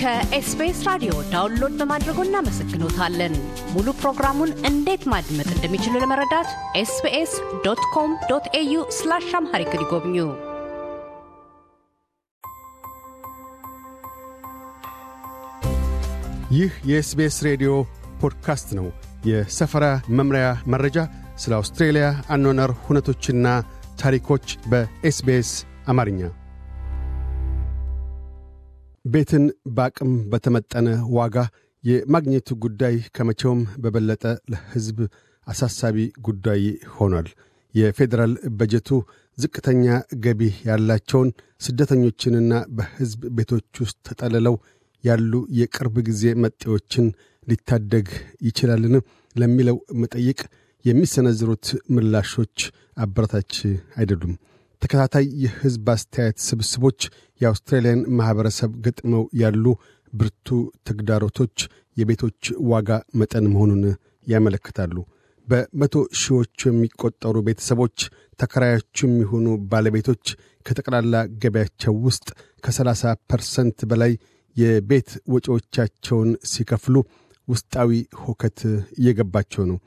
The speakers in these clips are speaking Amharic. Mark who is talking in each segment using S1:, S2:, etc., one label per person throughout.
S1: ከኤስቢኤስ ራዲዮ ዳውንሎድ በማድረጎ እናመሰግኖታለን። ሙሉ ፕሮግራሙን እንዴት ማድመጥ እንደሚችሉ ለመረዳት ኤስቢኤስ ዶት ኮም ዶት ኤዩ ስላሽ አምሃሪክ ይጎብኙ። ይህ የኤስቢኤስ ሬዲዮ ፖድካስት ነው። የሰፈራ መምሪያ መረጃ፣ ስለ አውስትሬልያ አኗኗር ሁነቶችና ታሪኮች በኤስቢኤስ አማርኛ ቤትን በአቅም በተመጠነ ዋጋ የማግኘቱ ጉዳይ ከመቼውም በበለጠ ለሕዝብ አሳሳቢ ጉዳይ ሆኗል። የፌዴራል በጀቱ ዝቅተኛ ገቢ ያላቸውን ስደተኞችንና በሕዝብ ቤቶች ውስጥ ተጠልለው ያሉ የቅርብ ጊዜ መጤዎችን ሊታደግ ይችላልን? ለሚለው መጠይቅ የሚሰነዝሩት ምላሾች አበረታች አይደሉም። ተከታታይ የህዝብ አስተያየት ስብስቦች የአውስትራሊያን ማኅበረሰብ ገጥመው ያሉ ብርቱ ተግዳሮቶች የቤቶች ዋጋ መጠን መሆኑን ያመለክታሉ። በመቶ ሺዎች የሚቆጠሩ ቤተሰቦች ተከራዮቹ የሚሆኑ ባለቤቶች ከጠቅላላ ገቢያቸው ውስጥ ከ30 ፐርሰንት በላይ የቤት ወጪዎቻቸውን ሲከፍሉ ውስጣዊ ሁከት እየገባቸው ነው።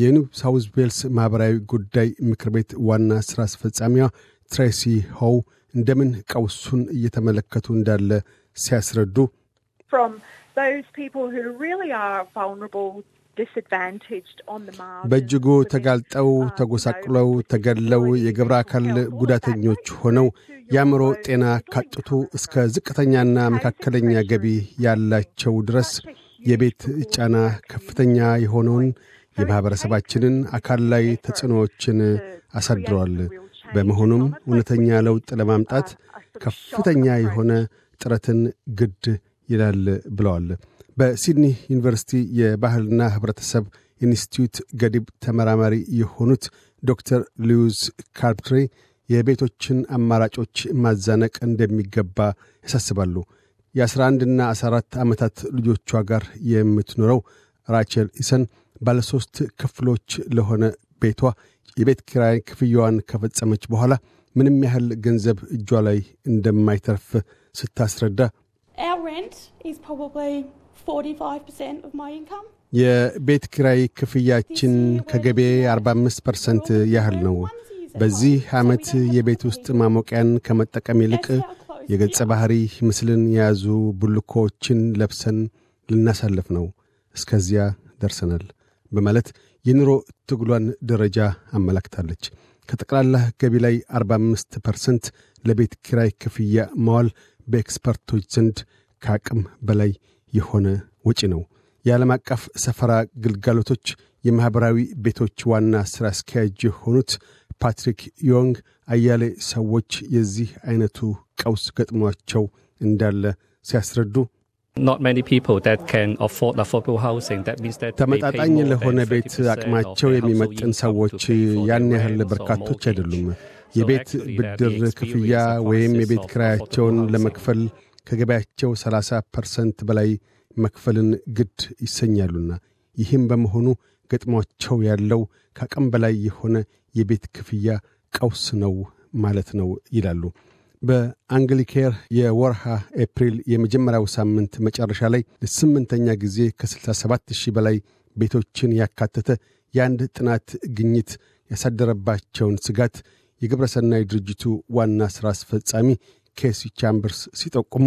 S1: የኒው ሳውዝ ዌልስ ማኅበራዊ ጉዳይ ምክር ቤት ዋና ሥራ አስፈጻሚዋ ትሬሲ ሆው እንደምን ቀውሱን እየተመለከቱ እንዳለ ሲያስረዱ በእጅጉ ተጋልጠው ተጎሳቅለው ተገድለው የግብረ አካል ጉዳተኞች ሆነው የአእምሮ ጤና ካጡቱ እስከ ዝቅተኛና መካከለኛ ገቢ ያላቸው ድረስ የቤት ጫና ከፍተኛ የሆነውን የማኅበረሰባችንን አካል ላይ ተጽዕኖዎችን አሳድሯል። በመሆኑም እውነተኛ ለውጥ ለማምጣት ከፍተኛ የሆነ ጥረትን ግድ ይላል ብለዋል። በሲድኒ ዩኒቨርሲቲ የባህልና ህብረተሰብ ኢንስቲትዩት ገዲብ ተመራማሪ የሆኑት ዶክተር ሊዩዝ ካርፕትሪ የቤቶችን አማራጮች ማዛነቅ እንደሚገባ ያሳስባሉ። የ11ና 14 ዓመታት ልጆቿ ጋር የምትኖረው ራቸል ኢሰን ባለሦስት ክፍሎች ለሆነ ቤቷ የቤት ኪራይ ክፍያዋን ከፈጸመች በኋላ ምንም ያህል ገንዘብ እጇ ላይ እንደማይተርፍ ስታስረዳ የቤት ኪራይ ክፍያችን ከገቤ 45 ፐርሰንት ያህል ነው። በዚህ ዓመት የቤት ውስጥ ማሞቂያን ከመጠቀም ይልቅ የገጸ ባህሪ ምስልን የያዙ ብልኮዎችን ለብሰን ልናሳልፍ ነው። እስከዚያ ደርሰናል። በማለት የኑሮ ትግሏን ደረጃ አመላክታለች። ከጠቅላላ ገቢ ላይ 45 ፐርሰንት ለቤት ኪራይ ክፍያ ማዋል በኤክስፐርቶች ዘንድ ከአቅም በላይ የሆነ ወጪ ነው። የዓለም አቀፍ ሰፈራ ግልጋሎቶች የማኅበራዊ ቤቶች ዋና ሥራ አስኪያጅ የሆኑት ፓትሪክ ዮንግ አያሌ ሰዎች የዚህ ዐይነቱ ቀውስ ገጥሟቸው እንዳለ ሲያስረዱ ተመጣጣኝ ለሆነ ቤት አቅማቸው የሚመጥን ሰዎች ያን ያህል በርካቶች አይደሉም። የቤት ብድር ክፍያ ወይም የቤት ክራያቸውን ለመክፈል ከገበያቸው 30 ፐርሰንት በላይ መክፈልን ግድ ይሰኛሉና ይህም በመሆኑ ገጥሟቸው ያለው ከአቅም በላይ የሆነ የቤት ክፍያ ቀውስ ነው ማለት ነው ይላሉ። በአንግሊኬር የወርሃ ኤፕሪል የመጀመሪያው ሳምንት መጨረሻ ላይ ለስምንተኛ ጊዜ ከ67 ሺህ በላይ ቤቶችን ያካተተ የአንድ ጥናት ግኝት ያሳደረባቸውን ስጋት የግብረ ሰናይ ድርጅቱ ዋና ሥራ አስፈጻሚ ኬሲ ቻምበርስ ሲጠቁሙ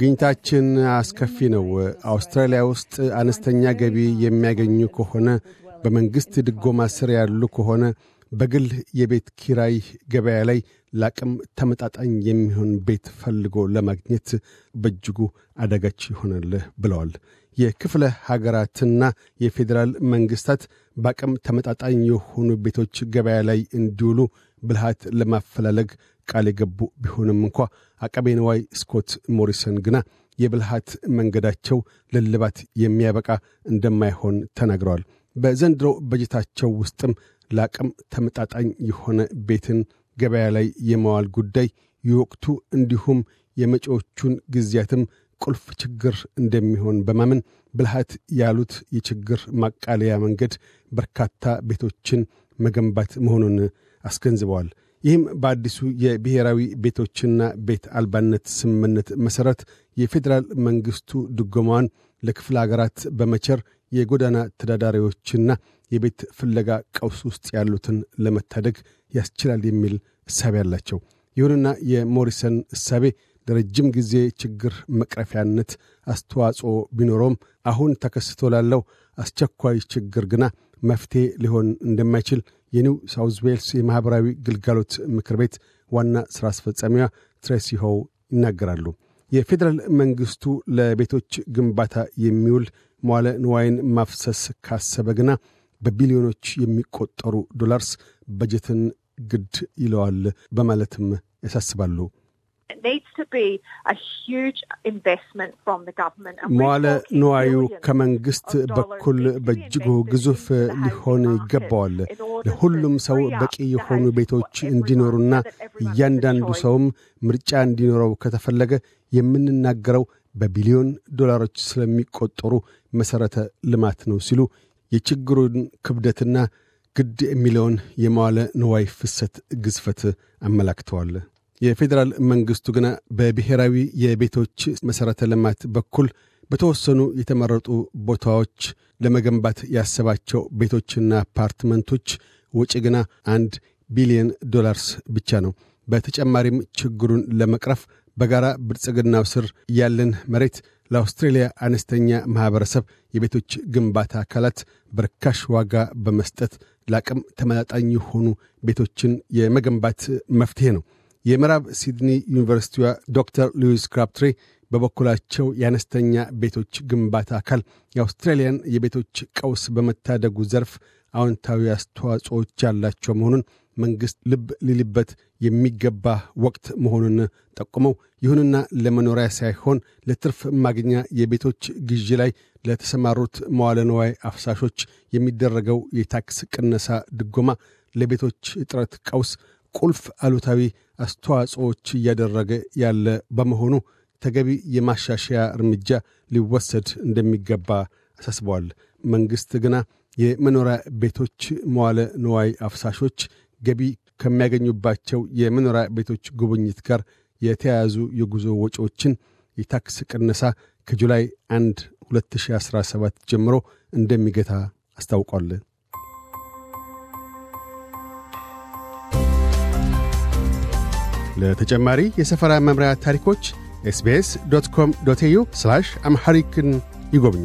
S1: ግኝታችን አስከፊ ነው። አውስትራሊያ ውስጥ አነስተኛ ገቢ የሚያገኙ ከሆነ በመንግሥት ድጎማ ስር ያሉ ከሆነ በግል የቤት ኪራይ ገበያ ላይ ለአቅም ተመጣጣኝ የሚሆን ቤት ፈልጎ ለማግኘት በእጅጉ አደጋች ይሆናል ብለዋል። የክፍለ ሀገራትና የፌዴራል መንግስታት በአቅም ተመጣጣኝ የሆኑ ቤቶች ገበያ ላይ እንዲውሉ ብልሃት ለማፈላለግ ቃል የገቡ ቢሆንም እንኳ አቀቤንዋይ ስኮት ሞሪሰን ግና የብልሃት መንገዳቸው ለልባት የሚያበቃ እንደማይሆን ተናግረዋል። በዘንድሮ በጀታቸው ውስጥም ለአቅም ተመጣጣኝ የሆነ ቤትን ገበያ ላይ የመዋል ጉዳይ የወቅቱ እንዲሁም የመጪዎቹን ጊዜያትም ቁልፍ ችግር እንደሚሆን በማመን ብልሃት ያሉት የችግር ማቃለያ መንገድ በርካታ ቤቶችን መገንባት መሆኑን አስገንዝበዋል። ይህም በአዲሱ የብሔራዊ ቤቶችና ቤት አልባነት ስምምነት መሠረት የፌዴራል መንግሥቱ ድጎማዋን ለክፍለ አገራት በመቸር የጎዳና ተዳዳሪዎችና የቤት ፍለጋ ቀውስ ውስጥ ያሉትን ለመታደግ ያስችላል የሚል እሳቤ አላቸው። ይሁንና የሞሪሰን እሳቤ ለረጅም ጊዜ ችግር መቅረፊያነት አስተዋጽኦ ቢኖረውም አሁን ተከስቶ ላለው አስቸኳይ ችግር ግና መፍትሄ ሊሆን እንደማይችል የኒው ሳውዝ ዌልስ የማኅበራዊ ግልጋሎት ምክር ቤት ዋና ሥራ አስፈጻሚዋ ትሬሲ ሆው ይናገራሉ። የፌዴራል መንግሥቱ ለቤቶች ግንባታ የሚውል መዋለ ንዋይን ማፍሰስ ካሰበ ግና በቢሊዮኖች የሚቆጠሩ ዶላርስ በጀትን ግድ ይለዋል በማለትም ያሳስባሉ። መዋለ ንዋዩ ከመንግሥት በኩል በእጅጉ ግዙፍ ሊሆን ይገባዋል። ለሁሉም ሰው በቂ የሆኑ ቤቶች እንዲኖሩና እያንዳንዱ ሰውም ምርጫ እንዲኖረው ከተፈለገ የምንናገረው በቢሊዮን ዶላሮች ስለሚቆጠሩ መሠረተ ልማት ነው ሲሉ የችግሩን ክብደትና ግድ የሚለውን የመዋለ ንዋይ ፍሰት ግዝፈት አመላክተዋል። የፌዴራል መንግሥቱ ግና በብሔራዊ የቤቶች መሠረተ ልማት በኩል በተወሰኑ የተመረጡ ቦታዎች ለመገንባት ያሰባቸው ቤቶችና አፓርትመንቶች ወጪ ግና አንድ ቢሊዮን ዶላርስ ብቻ ነው። በተጨማሪም ችግሩን ለመቅረፍ በጋራ ብልጽግናው ስር ያለን መሬት ለአውስትሬልያ አነስተኛ ማኅበረሰብ የቤቶች ግንባታ አካላት በርካሽ ዋጋ በመስጠት ለአቅም ተመጣጣኝ የሆኑ ቤቶችን የመገንባት መፍትሄ ነው። የምዕራብ ሲድኒ ዩኒቨርሲቲዋ ዶክተር ሉዊስ ክራፕትሬ በበኩላቸው የአነስተኛ ቤቶች ግንባታ አካል የአውስትራሊያን የቤቶች ቀውስ በመታደጉ ዘርፍ አዎንታዊ አስተዋጽዎች ያላቸው መሆኑን መንግሥት ልብ ሊልበት የሚገባ ወቅት መሆኑን ጠቁመው ይሁንና ለመኖሪያ ሳይሆን ለትርፍ ማግኛ የቤቶች ግዢ ላይ ለተሰማሩት መዋለ ንዋይ አፍሳሾች የሚደረገው የታክስ ቅነሳ ድጎማ ለቤቶች እጥረት ቀውስ ቁልፍ አሉታዊ አስተዋጽኦች እያደረገ ያለ በመሆኑ ተገቢ የማሻሻያ እርምጃ ሊወሰድ እንደሚገባ አሳስበዋል። መንግሥት ግና የመኖሪያ ቤቶች መዋለ ንዋይ አፍሳሾች ገቢ ከሚያገኙባቸው የመኖሪያ ቤቶች ጉብኝት ጋር የተያያዙ የጉዞ ወጪዎችን የታክስ ቅነሳ ከጁላይ 1 2017 ጀምሮ እንደሚገታ አስታውቋል። ለተጨማሪ የሰፈራ መምሪያ ታሪኮች ኤስቢኤስ ዶት ኮም ዶት ኤዩ አምሐሪክን ይጎብኙ።